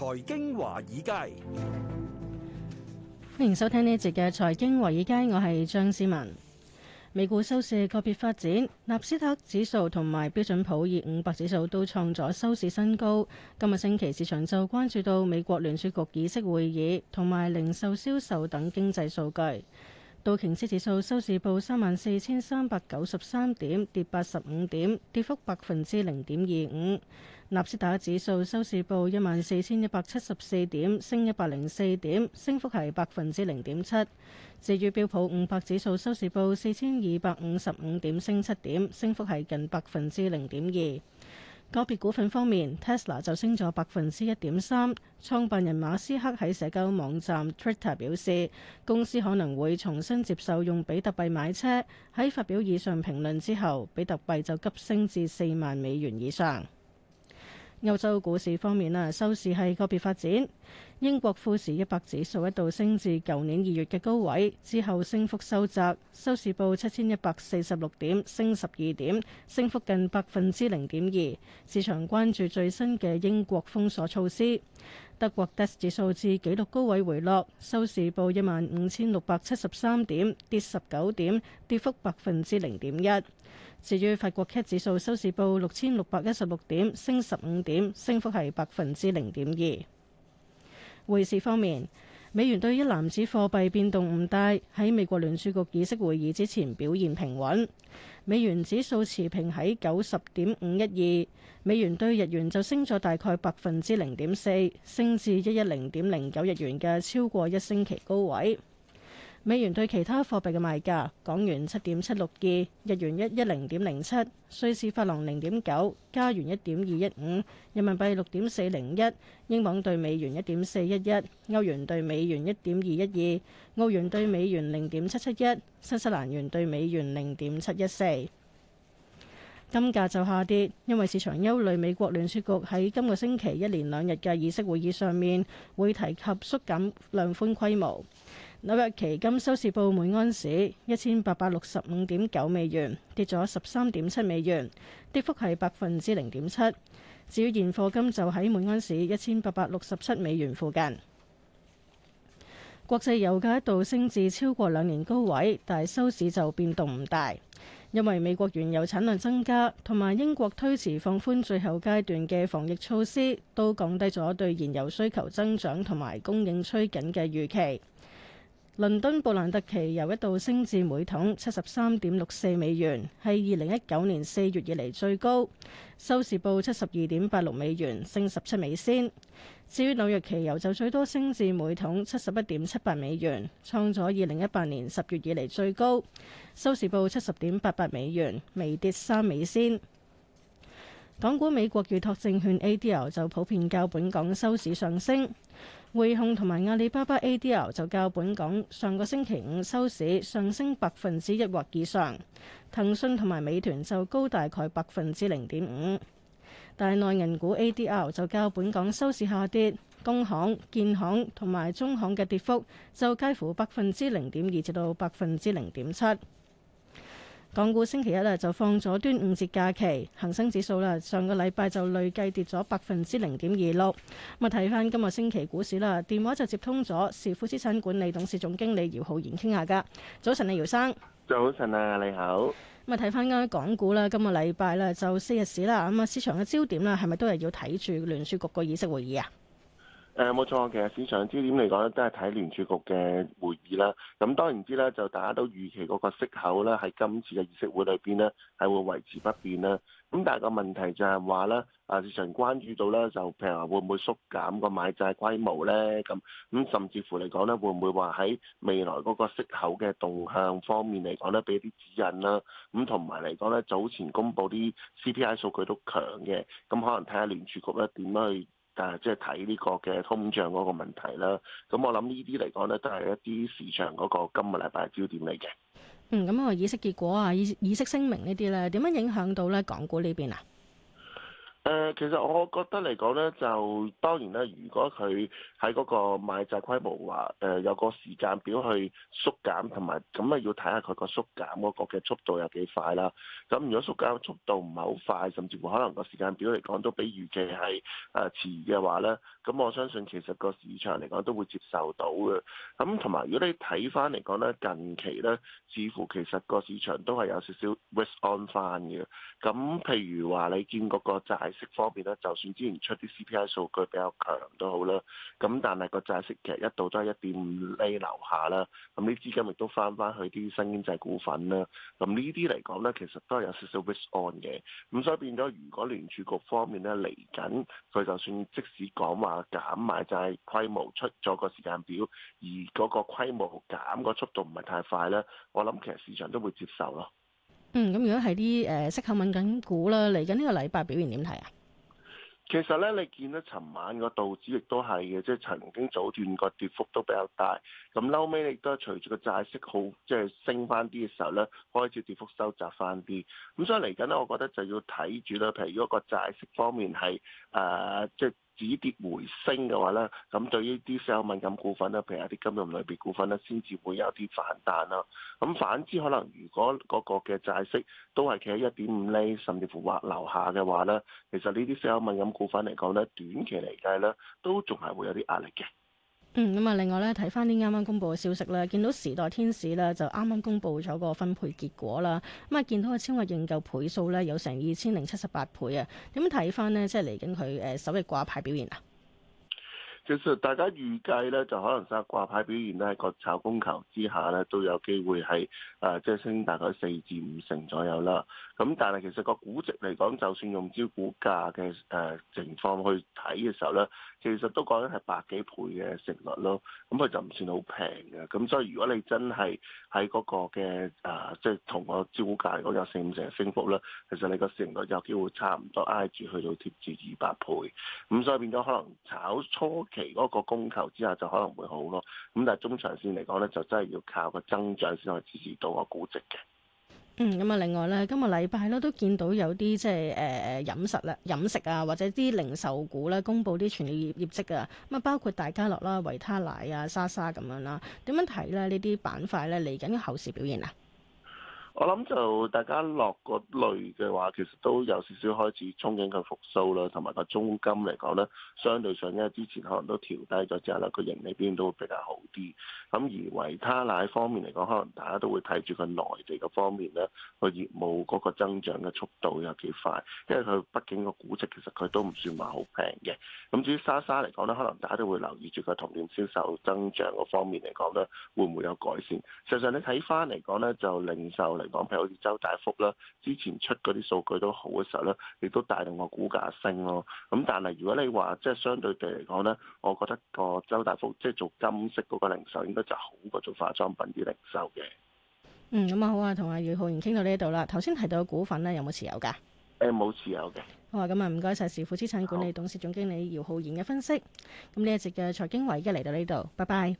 財經華爾街，歡迎收聽呢一節嘅財經華爾街，我係張思文。美股收市個別發展，納斯達克指數同埋標準普爾五百指數都創咗收市新高。今日星期，市場就關注到美國聯儲局議息會議同埋零售銷售等經濟數據。道瓊斯指數收市報三萬四千三百九十三點，跌八十五點，跌幅百分之零點二五。納斯達指數收市報一萬四千一百七十四點，升一百零四點，升幅係百分之零點七。至於標普五百指數收市報四千二百五十五點，升七點，升幅係近百分之零點二。個別股份方面，Tesla 就升咗百分之一點三。創辦人馬斯克喺社交網站 Twitter 表示，公司可能會重新接受用比特幣買車。喺發表以上評論之後，比特幣就急升至四萬美元以上。歐洲股市方面啊，收市係個別發展。英國富時一百指數一度升至舊年二月嘅高位，之後升幅收窄，收市報七千一百四十六點，升十二點，升幅近百分之零點二。市場關注最新嘅英國封鎖措施。德國 DAX 指數至紀錄高位回落，收市報一萬五千六百七十三點，跌十九點，跌幅百分之零點一。至於法國 CAC 指數收市報六千六百一十六點，升十五點，升幅係百分之零點二。匯市方面，美元對一籃子貨幣變動唔大，喺美國聯儲局議息會議之前表現平穩。美元指數持平喺九十點五一二，美元對日元就升咗大概百分之零點四，升至一一零點零九日元嘅超過一星期高位。美元對其他貨幣嘅賣價：港元七點七六二，日元一一零點零七，瑞士法郎零點九，加元一點二一五，人民幣六點四零一，英鎊對美元一點四一一，歐元對美元一點二一二，澳元對美元零點七七一，新西蘭元對美元零點七一四。金價就下跌，因為市場憂慮美國聯儲局喺今個星期一連兩日嘅議息會議上面會提及縮減量寬規模。紐約期金收市報每安士一千八百六十五點九美元，跌咗十三點七美元，跌幅係百分之零點七。至於現貨金就喺每安士一千八百六十七美元附近。國際油價一度升至超過兩年高位，但係收市就變動唔大，因為美國原油產量增加，同埋英國推遲放寬最後階段嘅防疫措施，都降低咗對燃油需求增長同埋供應趨緊嘅預期。倫敦布蘭特期油一度升至每桶七十三點六四美元，係二零一九年四月以嚟最高。收市報七十二點八六美元，升十七美仙。至於紐約期油就最多升至每桶七十一點七八美元，創咗二零一八年十月以嚟最高。收市報七十點八八美元，微跌三美仙。港股美國預託證券 ADR 就普遍較本港收市上升。匯控同埋阿里巴巴 ADR 就較本港上個星期五收市上升百分之一或以上，騰訊同埋美團就高大概百分之零點五，大內銀股 ADR 就較本港收市下跌，工行、建行同埋中行嘅跌幅就介乎百分之零點二至到百分之零點七。港股星期一咧就放咗端午節假期，恒生指數啦，上個禮拜就累計跌咗百分之零點二六。咁啊，睇翻今個星期股市啦，電話就接通咗時富資產管理董事總經理姚浩然傾下噶。早晨啊，姚生。早晨啊，你好。咁啊，睇翻啱啱港股啦，今個禮拜咧就四日市啦。咁啊，市場嘅焦點咧係咪都係要睇住聯儲局個議息會議啊？誒冇錯，其實市場嘅焦點嚟講咧，都係睇聯儲局嘅會議啦。咁當然知啦，就大家都預期嗰個息口咧，喺今次嘅議息會裏邊咧，係會維持不變啦。咁但係個問題就係話咧，啊，市場關注到咧，就譬如話會唔會縮減個買債規模咧？咁咁甚至乎嚟講咧，會唔會話喺未來嗰個息口嘅動向方面嚟講咧，俾啲指引啦？咁同埋嚟講咧，早前公布啲 CPI 數據都強嘅，咁可能睇下聯儲局咧點樣去。啊！即係睇呢個嘅通脹嗰個問題啦。咁我諗呢啲嚟講咧，都係一啲市場嗰個今個禮拜嘅焦點嚟嘅。嗯，咁我議息結果啊，議議息聲明呢啲咧，點樣影響到咧港股呢邊啊？誒，其實我覺得嚟講咧，就當然啦，如果佢喺嗰個賣債規模話，誒、呃、有個時間表去縮減，同埋咁啊，要睇下佢個縮減嗰個嘅速度有幾快啦。咁如果縮減速度唔係好快，甚至乎可能個時間表嚟講都比預期係誒遲嘅話咧，咁我相信其實個市場嚟講都會接受到嘅。咁同埋如果你睇翻嚟講咧，近期咧，似乎其實個市場都係有少少 risk on 翻嘅。咁譬如話，你見嗰個債，方面咧，就算之前出啲 CPI 數據比較強都好啦，咁但係個債息其實一度都係一點五厘樓下啦，咁、嗯、呢資金亦都翻翻去啲新經濟股份啦，咁、嗯、呢啲嚟講咧，其實都係有少少 risk on 嘅，咁、嗯、所以變咗，如果聯儲局方面咧嚟緊，佢就算即使講話減買債規模出咗個時間表，而嗰個規模減個速度唔係太快咧，我諗其實市場都會接受咯。嗯，咁如果係啲誒息口敏感股啦，嚟緊呢個禮拜表現點睇啊？其實咧，你見到尋晚個道指亦都係嘅，即係曾經早段個跌幅都比較大。咁後尾亦都隨住個債息好，即係升翻啲嘅時候咧，開始跌幅收窄翻啲。咁所以嚟緊咧，我覺得就要睇住啦。譬如如果個債息方面係誒、呃，即係。止跌回升嘅話咧，咁對於啲 sell 敏感股份咧，譬如一啲金融類別股份咧，先至會有啲反彈啦。咁反之，可能如果個個嘅債息都係企喺一點五厘，甚至乎或樓下嘅話咧，其實呢啲 sell 敏感股份嚟講咧，短期嚟計咧，都仲係會有啲壓力嘅。嗯，咁啊，另外咧，睇翻啲啱啱公布嘅消息咧，見到時代天使咧就啱啱公布咗個分配結果啦，咁啊見到個超額認購倍數咧有成二千零七十八倍啊，點樣睇翻呢？即係嚟緊佢誒首日掛牌表現啊？其實大家預計咧，就可能成日掛牌表現咧，喺個炒供求之下咧，都有機會係誒，即、呃、係、就是、升大概四至五成左右啦。咁、嗯、但係其實個估值嚟講，就算用招股價嘅誒情況去睇嘅時候咧，其實都講緊係百幾倍嘅成率咯。咁、嗯、佢就唔算好平嘅。咁、嗯、所以如果你真係喺嗰個嘅誒，即、呃、係、就是、同個招股價嗰個四五成升幅咧，其實你個成率有機會差唔多挨住去到貼住二百倍。咁、嗯、所以變咗可能炒初期。嗰個供求之下就可能會好咯，咁但係中長線嚟講咧，就真係要靠個增長先可以支持到個估值嘅。嗯，咁啊，另外咧，今個禮拜咧都見到有啲即係誒誒飲食咧、飲食啊，或者啲零售股咧，公布啲全年業業績噶，咁啊包括大家樂啦、維他奶啊、莎莎咁樣啦，點樣睇咧呢啲板塊咧嚟緊嘅後市表現啊？我諗就大家落個類嘅話，其實都有少少開始憧憬佢復甦啦，同埋個中金嚟講咧，相對上因為之前可能都調低咗之後咧，佢盈利表現都會比較好啲。咁而維他奶方面嚟講，可能大家都會睇住佢內地個方面咧，個業務嗰個增長嘅速度有幾快，因為佢畢竟個估值其實佢都唔算話好平嘅。咁至於莎莎嚟講咧，可能大家都會留意住佢同店銷售增長個方面嚟講咧，會唔會有改善？實際你睇翻嚟講咧，就零售嚟講譬如好似周大福啦，之前出嗰啲數據都好嘅時候咧，亦都帶動個股價升咯。咁但係如果你話即係相對地嚟講咧，我覺得個周大福即係做金飾嗰個零售應該就好過做化妝品啲零售嘅。嗯，咁啊好啊，同阿姚浩然傾到呢度啦。頭先提到嘅股份咧，有冇持有噶？誒、嗯，冇持有嘅。好啊，咁啊唔該晒時富資產管理董事總經理姚浩然嘅分析。咁呢一節嘅財經華爾街嚟到呢度，拜拜。